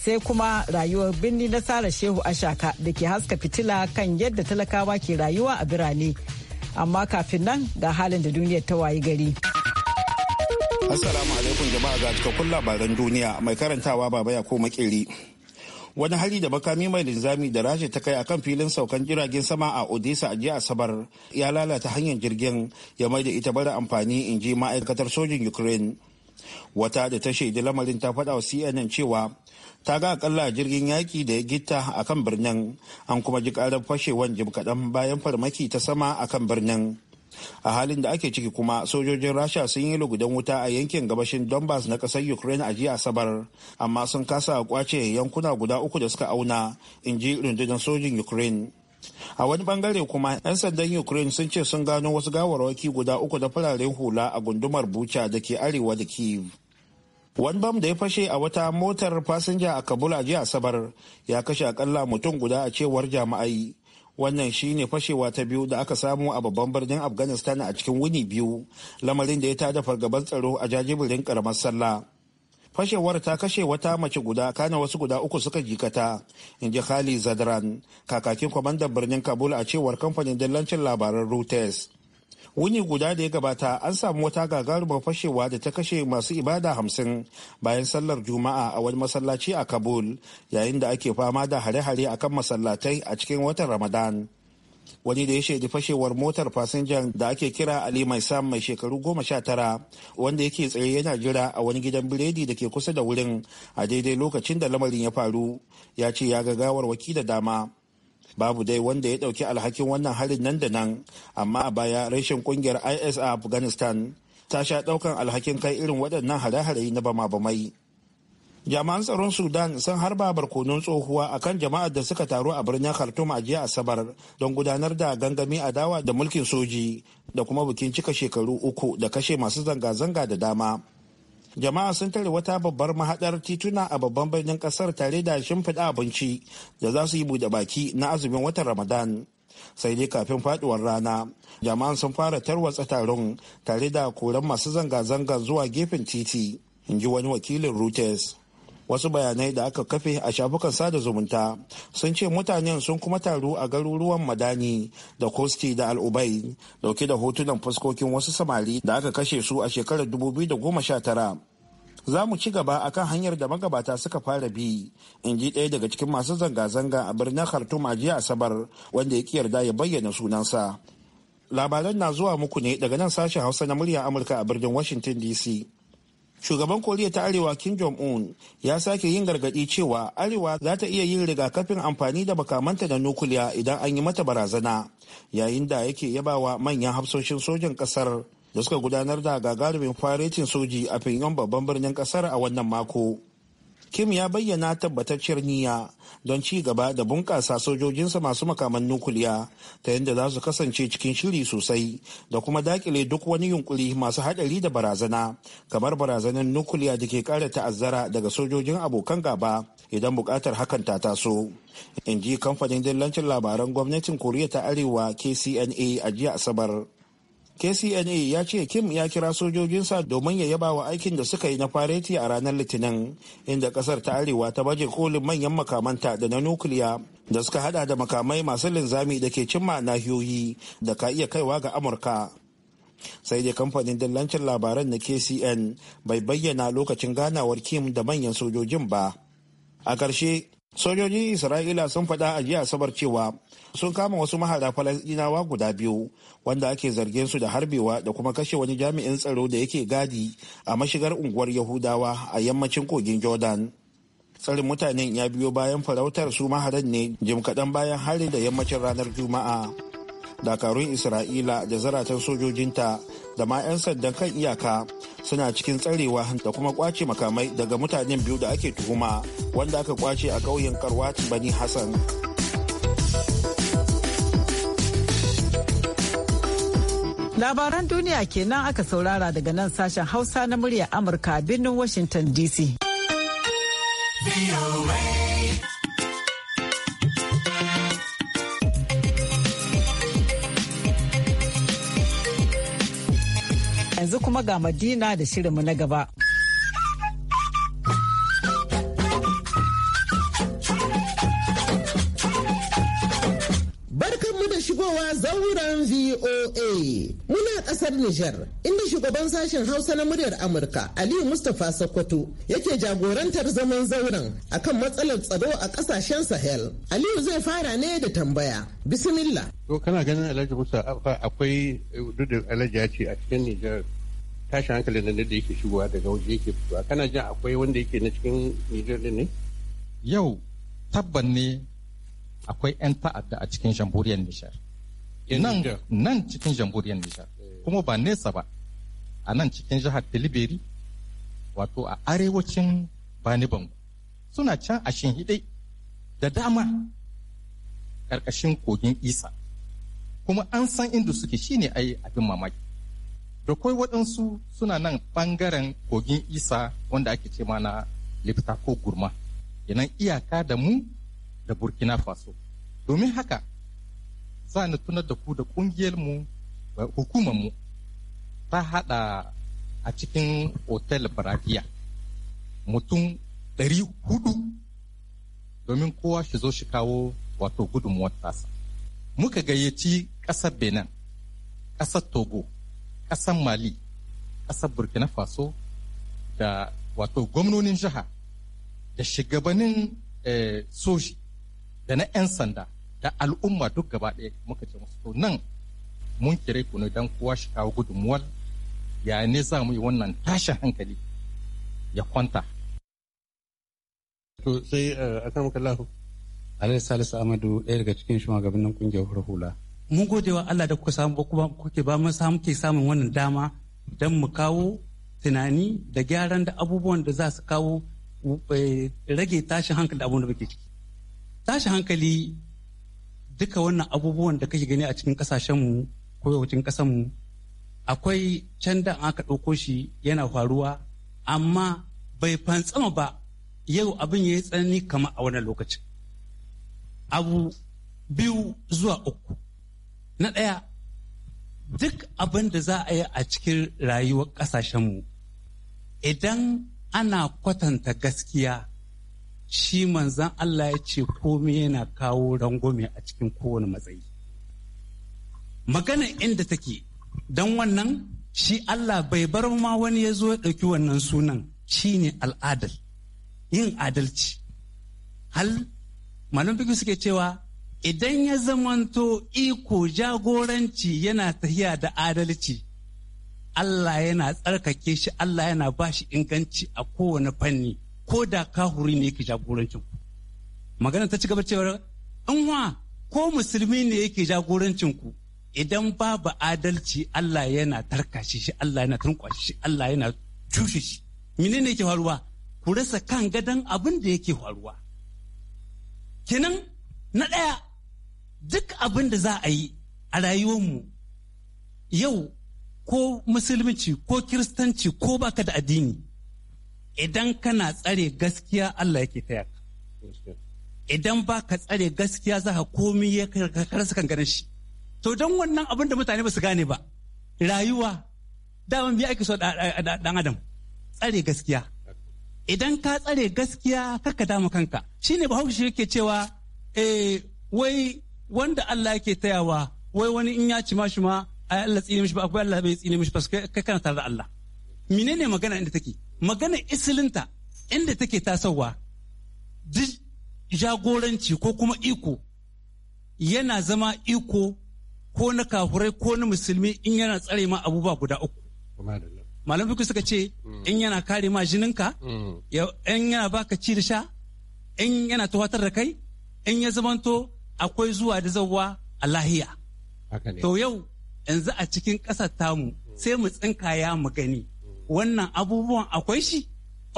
sai kuma rayuwar birni na Sara Shehu Ashaka da ke haska fitila kan yadda talakawa ke rayuwa a birane. Amma kafin nan ga halin da duniyar ta wayi gari. Assalamu alaikum jama'a ga cikakkun labaran duniya mai karantawa baba ya koma makeri. Wani hali da makami mai linzami da rasha ta kai akan filin saukan jiragen sama a Odessa a jiya Asabar ya lalata hanyar jirgin ya mai da ita bara amfani in ji ma'aikatar sojin Ukraine. Wata da ta shaidi lamarin ta faɗa wa CNN cewa ta ga akalla jirgin yaki da ya gita a kan birnin an kuma ji karar fashewan jim kaɗan bayan farmaki ta sama a kan birnin a halin da ake ciki kuma sojojin rasha sun yi lugudan wuta a yankin gabashin donbass na ƙasar ukraine a jiya asabar amma sun kasa kwace yankuna guda uku da suka auna in ji rundunar sojin ukraine a wani bangare kuma 'yan sandan ukraine sun ce sun gano wasu gawarwaki guda uku da fararen hula a gundumar bucha da ke arewa da kiev wani bam da ya fashe a wata motar fasinja a kabul a jiya asabar ya kashe akalla mutum guda a cewar jama'ai wannan shi ne fashewa ta biyu da aka samu a babban birnin afghanistan a cikin wuni biyu lamarin da ya tada fargabar tsaro a jajibirin karamar sallah fashewar ta kashe wata mace guda kana wasu guda uku suka jikata in ji khali zadran kakakin kwamandan birnin kabul a cewar kamfanin dillancin labaran reuters wuni guda da ya gabata an samu wata gagarumar fashewa da ta kashe masu ibada hamsin bayan sallar juma'a a wani masallaci a kabul yayin da ake fama da hare-hare a kan masallatai a cikin watan ramadan wani da ya shaidi fashewar motar fasinjan da ake kira ali mai sam mai shekaru goma sha tara wanda yake tsaye yana jira a wani gidan biredi da ke kusa da wurin a daidai lokacin da lamarin ya faru ya ce ya ga gawarwaki da dama babu dai wanda ya dauki alhakin wannan harin nan da nan amma a baya rashin kungiyar is a afghanistan ta sha daukan alhakin kai irin waɗannan hare-hare na bama-bamai jami'an tsaron sudan sun harba barkonon tsohuwa akan jama'ar da suka taru a birnin khartoum a jiya asabar don gudanar da gangami a dawa da mulkin soji da kuma bikin cika shekaru uku da kashe masu zanga-zanga da dama jama'a sun tare wata babbar mahadar tituna a babban birnin kasar tare da shimfiɗa abinci da za su yi buɗe baki na azumin watan ramadan sai dai kafin faduwar rana jama'an sun fara tarwatsa taron tare da koren masu zanga-zanga zuwa gefen titi in ji wani wakilin rutes. wasu bayanai da aka kafe a shafukan sada zumunta sun ce mutanen sun kuma taru a garuruwan madani da kosti da al'ubai dauke da hotunan fuskokin wasu samari da aka kashe su a shekarar 2019 za mu ci gaba akan hanyar da magabata suka fara bi in ji ɗaya daga cikin masu zanga-zanga a birnin khartoum a jiya asabar wanda ya yarda ya bayyana sunansa labaran na zuwa muku ne daga nan sashen hausa na murya amurka a birnin washington dc shugaban koriya ta arewa kim jong-un ya sake yin gargadi cewa arewa za ta iya yin rigakafin amfani da makamanta da nukuliya idan an yi mata barazana yayin da yake yabawa manyan hafsoshin sojin kasar da suka gudanar da gagarumin faretin soji a finyon babban birnin kasar a wannan mako kim ya bayyana tabbatacciyar niyya don ci gaba da bunƙasa sojojinsa masu makaman nukuliya ta yadda za su kasance cikin shiri sosai da kuma dakile duk wani yunkuri masu haɗari da barazana kamar barazanar nukuliya da ke ƙara ta'azzara daga sojojin abokan gaba idan buƙatar hakan ta taso in ji kamfanin dillancin labaran gwamnatin koriya ta arewa kcna a jiya asabar kcna ya ce kim ya kira sojojinsa domin ya yaba wa aikin da suka yi na fareti a ranar litinin inda kasar ta arewa ta baje kolin manyan makamanta da na nukiliya da suka hada da makamai masu linzami da ke cimma nahiyoyi da ka iya kaiwa ga amurka sai dai kamfanin dillancin labaran na kcn bai bayyana lokacin ganawar kim da manyan sojojin ba a ƙarshe sojojin isra'ila sun faɗa a jiya asabar cewa sun kama wasu mahara falasɗinawa guda biyu wanda ake zargin su da harbewa da kuma kashe wani jami'in tsaro da yake gadi a mashigar unguwar yahudawa a yammacin kogin jordan tsarin mutanen ya biyo bayan farautar su maharan ne jim kaɗan bayan hari da yammacin ranar juma'a dakarun isra'ila da zaratan sojojinta da ma 'yan sandan kan iyaka suna cikin tsarewa da kuma kwace makamai daga mutanen biyu da ake tuhuma wanda aka kwace a ƙauyen karwati bani hassan Labaran duniya kenan aka saurara daga nan sashen Hausa na murya Amurka a birnin Washington DC. Yanzu kuma ga Madina da shirinmu na gaba. shigowa zauren VOA. Muna kasar Nijar, inda shugaban sashen Hausa na muryar Amurka, Aliyu Mustapha Sokoto, yake jagorantar zaman zauren akan matsalar tsaro a kasashen Sahel. Aliyu zai fara ne da tambaya. Bismillah. To kana ganin Alhaji Musa akwai eh, duk da Alhaji ya ce a cikin Nijar tashin hankalin nan da yake shigowa daga waje yake fitowa. Kana jin akwai wanda yake na cikin Nijar din ne? Yau tabban ne akwai 'yan ta'adda a cikin shamburiyar Nijar. nan cikin jamhuriyar Nijar eh. kuma ba nesa ba a nan cikin jihar Tilibiri wato a arewacin Bani Bango suna can a Shinhidai da dama ƙarƙashin kogin Isa kuma an san inda suke shine ai abin mamaki da kai waɗansu suna nan ɓangaren kogin Isa wanda ake ce mana lifta ko gurma yanan iyaka da mu da Burkina Faso domin haka za ni tunar da ku da mu eh, hukumar mu ta haɗa a cikin otel baradiya mutum ɗari hudu domin kowa shi zo shi kawo wato gudunmuwar tasa. Muka gayyaci ƙasar Benin, ƙasar Togo, ƙasar Mali, ƙasar Burkina Faso da wato gwamnonin jiha da shugabannin eh, soji da na 'yan sanda da al'umma duk gaba ɗaya muka ce musu to nan mun kire ku ne dan kowa shi kawo gudunmuwar ya ne za mu yi wannan tashin hankali ya kwanta. To sai eh, a kan kallahu. Alayhi Salisu Amadu ɗaya daga cikin shugabannin kungiyar hula. Mun gode wa Allah da kuka samu kuma kuke ba mun samu ke samun wannan dama don mu kawo tunani da gyaran da abubuwan da za su kawo eh, rage tashin hankali da abubuwan da muke ciki. Tashin hankali duka wannan abubuwan da kake gani a cikin kasashenmu ko yawancin kasanmu akwai can da aka ɗauko shi yana faruwa amma bai fantsama ba yau abin ya yi tsanani kama a wannan lokacin abu biyu zuwa uku na ɗaya duk abin da za a yi a cikin rayuwar ƙasashenmu idan ana kwatanta gaskiya shi manzan Allah ya ce komai yana kawo rangwame a cikin kowane matsayi. Magana inda take, don wannan shi Allah bai bar ma wani ya zo ya ɗauki wannan sunan shi ne al'adal, yin adalci. Hal, malam suke cewa idan ya zamanto iko jagoranci yana tahiya da adalci, Allah yana tsarkake shi, Allah yana ba shi inganci a kowane fanni. ko da kahuri ne yake jagorancin ku magana ta ci gaba cewar in wa ko musulmi ne yake jagorancin ku idan babu adalci Allah yana tarkashe shi Allah yana turkwashe shi Allah yana cushe shi menene yake faruwa ku rasa kan gadon abin da yake faruwa kenan na ɗaya duk abin da za a yi a rayuwarmu yau ko musulunci ko kiristanci ko baka da addini idan kana tsare gaskiya Allah yake taya ka idan ba ka tsare gaskiya za ka komi ya karsa kan ganin shi to don wannan abin da mutane ba su gane ba rayuwa daman biya ake so ɗan adam tsare gaskiya idan ka tsare gaskiya karka damu kanka shine bahaushe yake cewa eh wai wanda Allah yake tayawa wai wani in ya ci ma shi ma Allah tsine mishi ba akwai Allah bai tsine mishi ba kai kana tare da Allah menene magana inda take magana isilinta inda take tasowa duk jagoranci ko kuma iko yana zama iko ko na kafurai ko na musulmi in yana tsare ma abubuwa guda uku malam fiku suka ce mm. in yana kare ma jininka mm. in yana baka ci da sha in yana tawatar da kai in ya zamanto akwai zuwa da zawa a lahiya to yau yanzu a cikin ƙasar tamu mm. sai mu tsinkaya mu gani wannan abubuwan akwai shi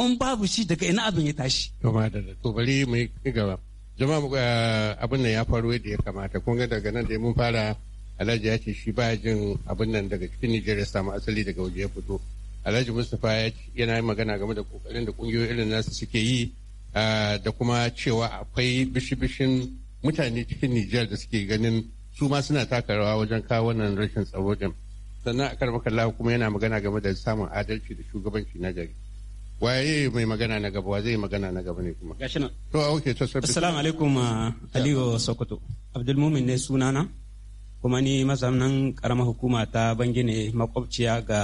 in babu shi daga ina abin ya tashi. To bari mu yi gaba. Jama'a eh, abin nan ya faru yadda ya kamata kun ga daga nan da mun fara Alhaji ya ce shi ba jin abin nan daga cikin Nijar ya samu asali daga waje ya fito. Alhaji Mustapha ya yana yin magana game da kokarin da kungiyoyi irin nasu suke yi eh, da kuma cewa akwai bishi mutane cikin Nijar da suke ganin su ma suna taka rawa wajen kawo wannan rashin tsaro din. sannan a karmaka Allah kuma yana magana game da samun adalci da shugabanci na gari waye mai magana na gaba zai magana na gaba ne kuma gashi nan to okay to sabbi assalamu alaikum uh, aliyu sokoto abdul mumin ne sunana kuma ni mazamnan karamar hukuma ta bangi ne makwabciya ga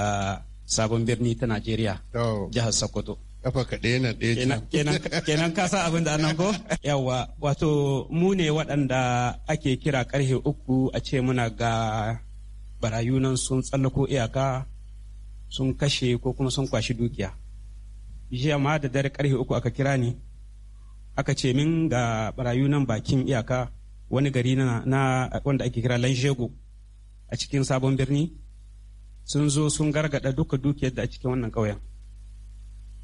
sabon birni ta najeriya jihar sokoto kafa ka na ɗaya kenan ka sa abin da annan ko yawa wato mu ne waɗanda ake kira karhe uku a ce muna ga barayu nan sun tsallako iyaka sun kashe ko kuma sun kwashi dukiya jiya ma da dare karfe uku aka kira ni aka ce min ga barayunan bakin iyaka wani gari na, wanda ake kira lanshego a cikin sabon birni sun zo sun gargada duka dukiyar da a cikin wannan ƙauyen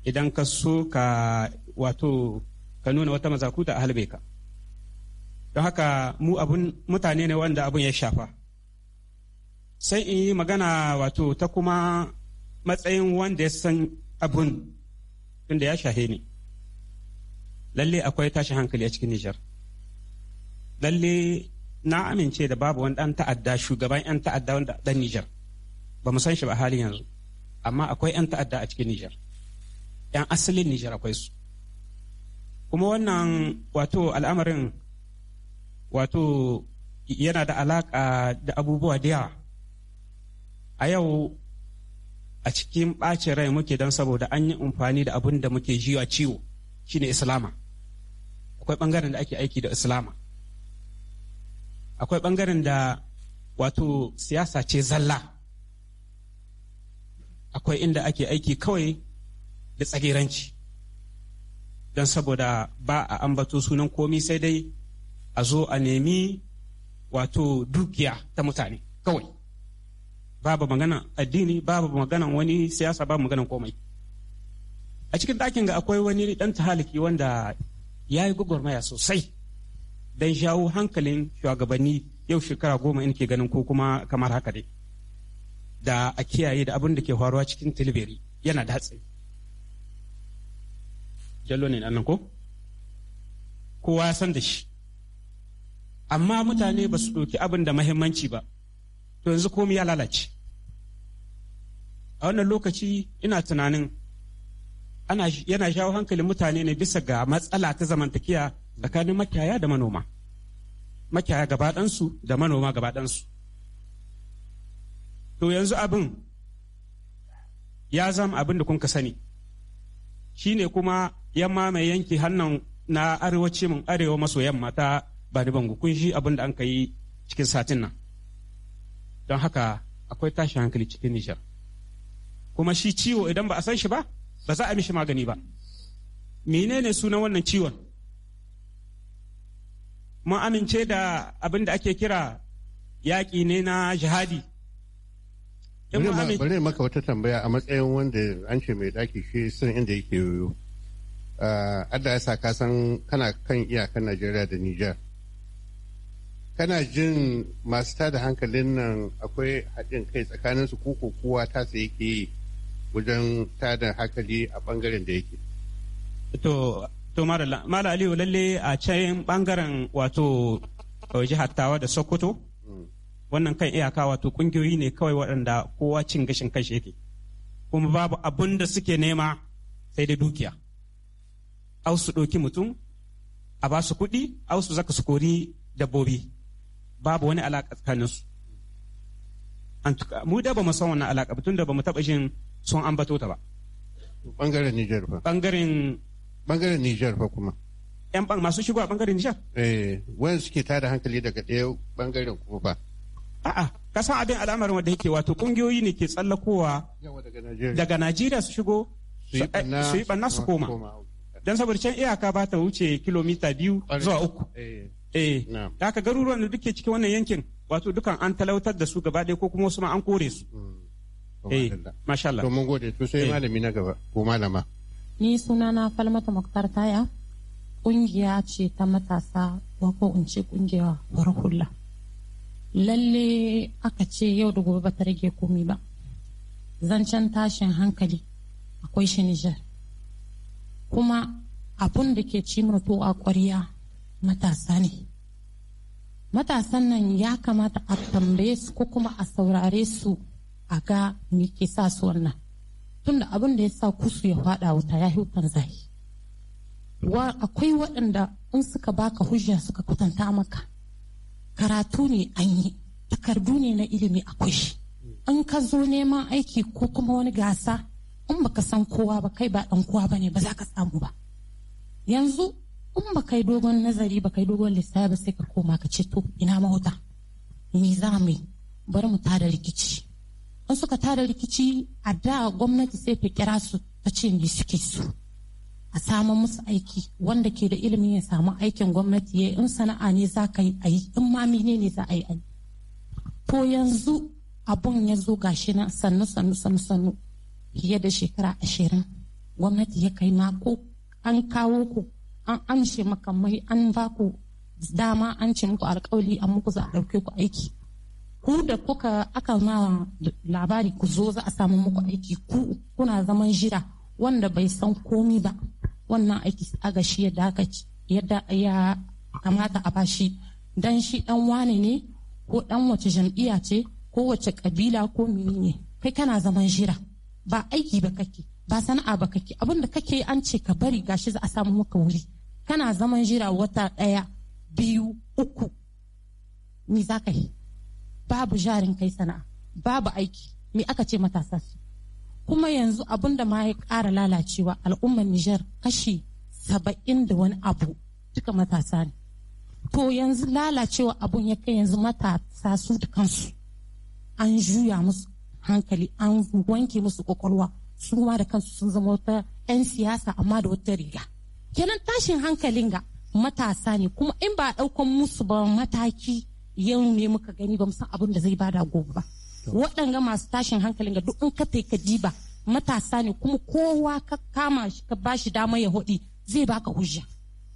idan ka so ka wato ka nuna wata mazakuta a halbe ka don haka mu abun mutane ne wanda abun ya shafa sai in yi magana wato ta kuma matsayin wanda ya san abun tunda ya shahe ni lalle akwai tashi hankali a cikin nijar lalle na amince da babu wani dan ta'adda shugaban yan ta'adda wanda dan nijar ba mu san shi ba halin yanzu amma akwai yan ta'adda a cikin nijar yan asalin nijar akwai su kuma wannan wato al'amarin wato yana da alaka da abubuwa da yawa a yau a cikin ɓacin rai muke don saboda an yi amfani da abin da muke jiwa ciwo shine islama akwai ɓangaren da ake aiki da islama akwai ɓangaren da wato siyasa ce zalla akwai inda ake aiki kawai da tsagiranci don saboda ba a ambato sunan komi sai dai a zo a nemi wato dukiya ta mutane kawai babu magana addini babu magana wani siyasa babu magana komai a cikin ɗakin ga akwai wani ɗan tahaliki wanda ya yi gwagwarmaya sosai don shawo hankalin shugabanni yau shekara goma in ke ganin ko kuma kamar haka dai da a kiyaye da abin da ke faruwa cikin tilbiri yana da jallo ne nan ko kowa san da shi amma mutane ba su ɗauki abin da mahimmanci ba to yanzu komi ya lalace a wannan lokaci ina tunanin yana shawo hankalin mutane ne bisa ga matsala ta zamantakiya tsakanin makiyaya da manoma makiyaya gabaɗansu da manoma gabaɗansu to yanzu abin ya zama abin da kunka sani shine kuma yamma mai yanki hannan na arewaci mun arewa maso yamma ta bani bango kun shi abin da an ka yi cikin satin nan don haka akwai tashin hankali cikin nijar kuma shi ciwo idan ba a san shi ba ba za a mishi magani ba menene sunan wannan ciwon mun amince da abin da ake kira yaƙi ne na jihadi bari maka wata tambaya a matsayin wanda an ce mai daki shi sun inda yake yoyo adda ah, ya sa ka san kana kan iyakan najeriya da nijar kana jin masu tada hankalin nan akwai haɗin kai tsakaninsu ko kowa ta yake yi wajen tada hankali a bangaren da yake. To, to Mala Aliyu lalle a can bangaren wato uh, jihar Tawa da Sokoto, mm. wannan kan iyaka wato kungiyoyi ne kawai waɗanda kowa cin gashin kai yake. Kuma babu abun da suke nema sai da dukiya. Au su ɗoki mutum, a ba su kuɗi, au su zaka su kori dabbobi. Babu wani alaƙa tsakaninsu. Mu da ba mu san wannan alaƙa, tun da ba mu taɓa jin sun ambato ta ba. Bangaren Nijar fa. Bangaren. Bangaren Nijar fa kuma. Yan bang masu shigo a bangaren Nijar. Eh, wayan suke tada hankali daga ɗaya bangaren kuma ba. A'a, ka san abin al'amarin wanda yake wato kungiyoyi ne ke tsallakowa daga Najeriya su shigo su yi ɓanna su koma. Don saboda can iyaka ba ta wuce kilomita biyu zuwa uku. Eh, eh. da aka garuruwan da duke cikin wannan yankin wato dukan an talautar da su gaba ɗaya ko kuma wasu ma an kore su. Mm. Eh, masha to mun gode to sai eh. malami na gaba ko malama ni sunana falmata muktar taya kungiya ce ta matasa wa ko in ce kungiya barkulla lalle aka ce yau da gobe ba ta rage komi ba zancen tashin hankali akwai shi Nijar kuma abun da ke ci to a ƙwarya matasa ne matasan nan ya kamata a tambaye su ko kuma a saurare su a ga me ke sa su wannan tunda abin da ya sa kusu ya fada wuta ya hutan zahi akwai waɗanda in suka baka hujja suka kwatanta maka karatu ne an yi takardu ne na ilimi akwai shi in ka zo neman aiki ko kuma wani gasa in baka san kowa ba kai ba dan kowa ba ne ba za ka samu ba yanzu in ba kai dogon nazari ba kai dogon lissafi sai ka koma ka ce to ina mahuta me za mu bari mu tada rikici in suka tara rikici a da gwamnati sai ta kira su ta ce me suke su a samu musu aiki wanda ke da ilimin ya samu aikin gwamnati ya in sana'a ne za ka yi a yi in ma ne za a yi a to yanzu abun ya zo gashi na sannu sannu sannu sannu fiye da shekara ashirin gwamnati ya kai ma ko an kawo ku an amshe makamai an ba ku dama an ce muku alkawali an muku za a ɗauke ku aiki ku da kuka aka ma labari ku zo za a samu muku aiki ku kuna zaman jira wanda bai san komi ba wannan aiki aga shi yadda ya kamata a bashi dan shi dan wane ne ko dan wace jam'iyya ce ko wace kabila ko menene kai kana zaman jira ba aiki ba kake ba sana'a ba kake abin da kake an ce ka bari gashi za a samu maka wuri kana zaman jira wata ɗaya biyu uku ni za ka yi babu jarin kai sana'a babu aiki me aka ce matasa su kuma yanzu abun da ma ya ƙara lalacewa al'ummar Nijar kashi saba'in da wani abu duka matasa ne to yanzu lalacewa abun ya kai yanzu matasa su da kansu an juya musu hankali an wanke musu kwakwalwa su ma da kansu sun zama wata 'yan siyasa amma da wata riga kenan tashin hankalin ga matasa ne kuma in ba a ɗaukan musu ba mataki yau ne muka gani ba san abin da zai bada gobe ba waɗanga masu tashin hankalin ga duk in ka tai ka diba matasa ne kuma kowa ka kama shi ka shi dama ya hudi zai baka hujja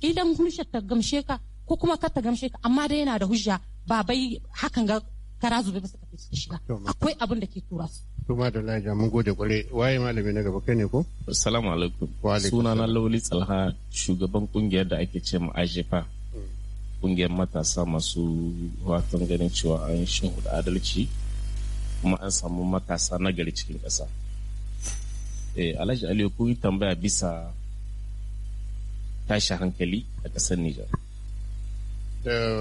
idan hujja ta gamshe ka ko kuma ka ta gamshe ka amma dai yana da hujja ba bai hakan ga kara zube ba suka fi shiga akwai abin da ke tura su kuma da laja mun gode waye malami na gaba kai ne ko assalamu alaikum suna na lauli tsalha shugaban kungiyar da ake ce ma ajefa kungiyar matasa masu watan ganin cewa an shimfiɗa adalci kuma an samu matasa na gari cikin ƙasa. Eh, Alhaji Aliyu kun yi tambaya bisa tashi hankali a ƙasar Nijar.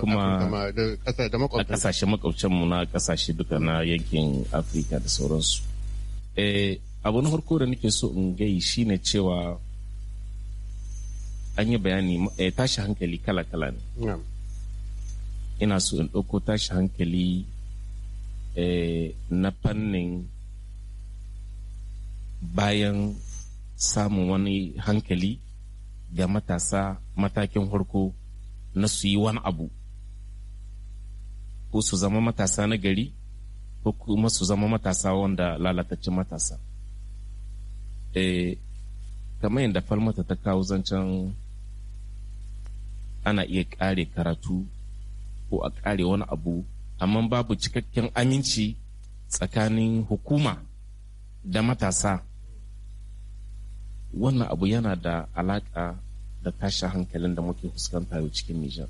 Kuma a ƙasashe makwabcinmu na ƙasashe duka na yankin Afirka da sauransu. Eh, abu na farko da nake so in gai shine cewa an yi bayani eh, tashi hankali kala-kala ne ina so in ɗauko tashi hankali eh, na fannin bayan samun wani hankali ga matasa matakin harko na su yi wani abu ko su zama matasa na gari ko kuma su zama matasa wanda lalatacce matasa eh, kamar yadda falmata ta kawo zancen ana iya ƙare karatu ko a ƙare wani abu amma babu cikakken aminci tsakanin hukuma da matasa wannan abu yana da alaƙa da tashin hankalin da muke fuskanta yau cikin Nijar.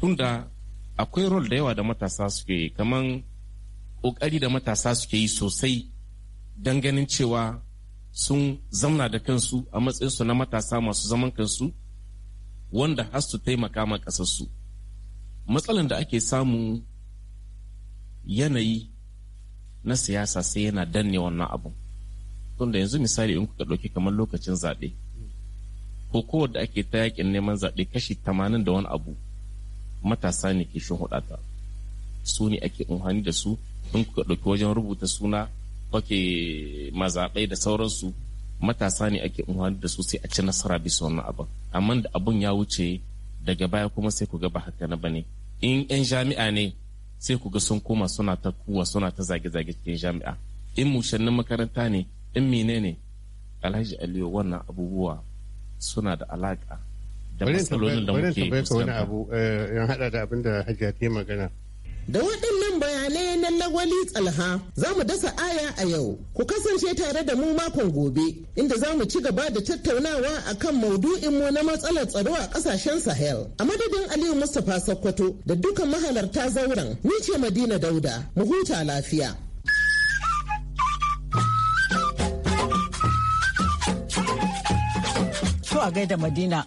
Tunda akwai rol da yawa da matasa suke yi kamar ƙoƙari da matasa suke yi sosai don ganin cewa sun zamna da kansu a matsayinsu na matasa masu zaman kansu wanda har su taimaka ma ƙasarsu matsalan da ake samu yanayi na siyasa sai yana danne wannan abu tunda yanzu misali in kuka ɗauki kamar lokacin zaɓe ko kowadda ake ta yakin neman zaɓe kashi tamanin da wani abu matasa ne ke shin hudata su ne ake amfani da su in kuka ɗauki wajen rubuta suna kwake mazaɓai da sauransu matasa ne ake unhwani da su sai a ci nasara bisa wannan abin amma da abun ya wuce daga baya kuma sai ku ga ba haka na bane in yan jami'a ne sai ku ga sun koma suna ta kuwa suna ta zage-zage cikin jami'a in mushannin makaranta ne in menene alhaji aliyu wannan abubuwa suna da alaka da matsalolin da muke fuskanta. Bari wani abu yan eh, hada da abin da hajiya ta magana. Da waɗannan bayanai na lagwali tsalha za mu dasa aya a yau. Ku kasance tare da mu makon gobe inda za mu ci gaba da tattaunawa a kan mu na matsalar tsaro a ƙasashen Sahel. A madadin Aliyu Mustapha Sokoto da dukkan mahalarta zauren ni ce Madina Dauda mu huta lafiya. To a gaida Madina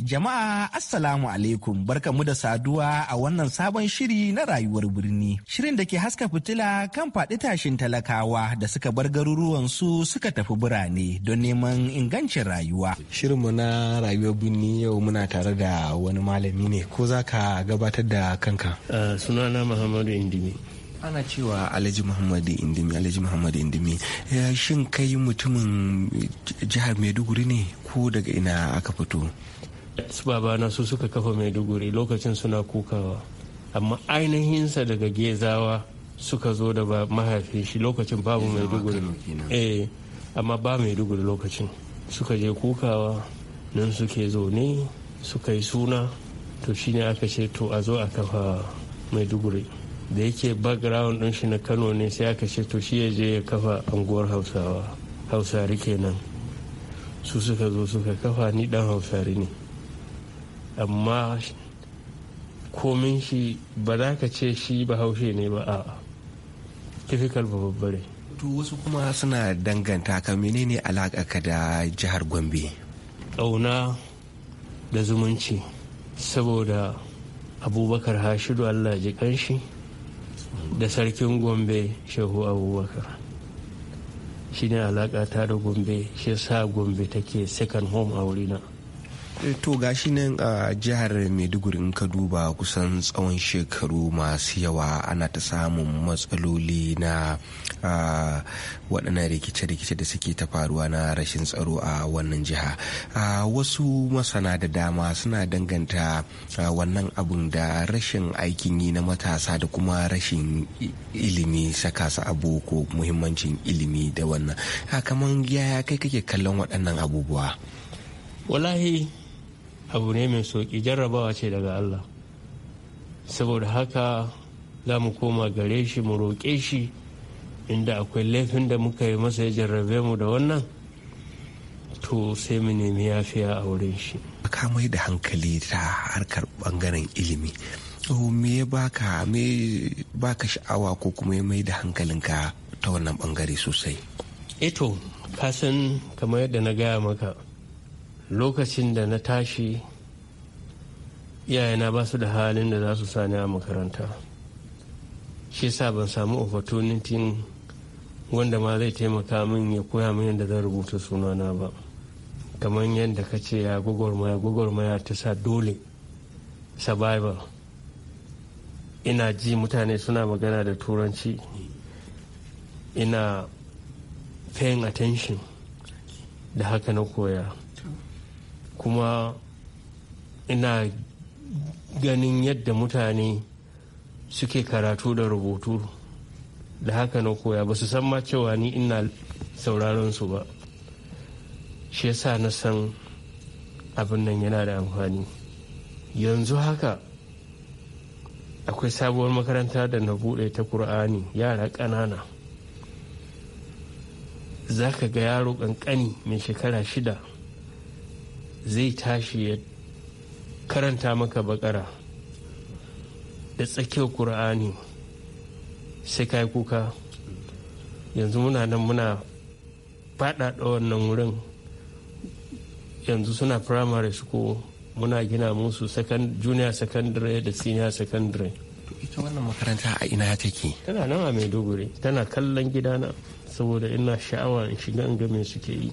Jama'a Assalamu alaikum barkamu da saduwa a wannan sabon shiri na rayuwar birni. Shirin da ke haska fitila kan faɗi tashin talakawa da suka bar garuruwansu suka tafi birane don neman ingancin rayuwa. Shirinmu na rayuwar birni yau muna tare da wani malami ne ko za ka gabatar da kanka? Uh, sunana Muhammadu Indimi. ana cewa alhaji muhammadu indimi alhaji muhammadu indimi eh, shin kai mutumin jihar maiduguri ne ko daga ina aka fito su babana su suka kafa maiduguri lokacin suna kukawa amma ainihinsa daga gezawa suka zo da mahaifin shi lokacin babu maiduguri eh amma ba maiduguri lokacin suka je kukawa nan suke zaune suka yi suna to shine aka ce to a zo a kafa maiduguri da yake background din shi na kano ne sai aka ce to shi ya je ya kafa anguwar hausawa hausari kenan su suka zo suka kafa ni dan hausari ne amma komin shi ba za ka ce shi bahaushe ne ba a ba babbare to wasu kuma suna danganta ka menene ka da jihar gombe ƙauna da zumunci saboda abubakar hashidu allah ji kanshi da sarkin gombe shehu abubakar shi ne alaƙa ta da gombe shi sa gombe take second home a wurina Eh, to gashi nan a jihar maiduguri in ka duba kusan tsawon shekaru masu yawa ana ta samun matsaloli na waɗannan rikice-rikice da suke ta faruwa na rashin tsaro a wannan jiha wasu masana da dama suna danganta wannan abun da rashin aikin yi na matasa da kuma rashin ilimi saka su abu ko muhimmancin ilimi da wannan kaman yaya kai kake kallon waɗannan abubuwa wallahi abu ne mai soki jarrabawa ce daga allah saboda haka za mu koma gare shi mu roƙe shi inda akwai laifin da muka yi masa ya jarrabe mu da wannan to sai mu nemi yafiya a wurin shi ka mai da hankali ta harkar bangaren ilimi me ya baka me baka sha'awa ko kuma ya mai da hankalinka ta wannan bangare sosai eto eh kasan kamar yadda na gaya maka lokacin da na tashi iyayena ba su da halin da za su sani a makaranta shi sa ban samu opportunity wanda ma zai taimaka min ya koya min yadda zan rubuta sunana ba kamar yadda ka ce ya gwagwarmaya gwagwarmaya ta sa dole survival ina ji mutane suna magana da turanci ina paying attention da haka na koya kuma ina ganin yadda mutane suke karatu da rubutu da haka na koya ba su san ma cewa ni ina sauraron su ba shi yasa na san abin nan yana da amfani yanzu haka akwai sabuwar makaranta da na bude ta kur'ani yara ƙanana za ka ga yaro ƙanƙani mai shekara shida zai tashi ya karanta maka bakara da tsakiyar ƙur'ani sai kai kuka yanzu muna nan muna faɗaɗa wannan wurin yanzu suna primary school muna gina musu junior secondary da senior secondary ita wannan makaranta a ina take tana nan a maiduguri tana kallon gidana saboda ina sha'awa in shiga in ga me suke yi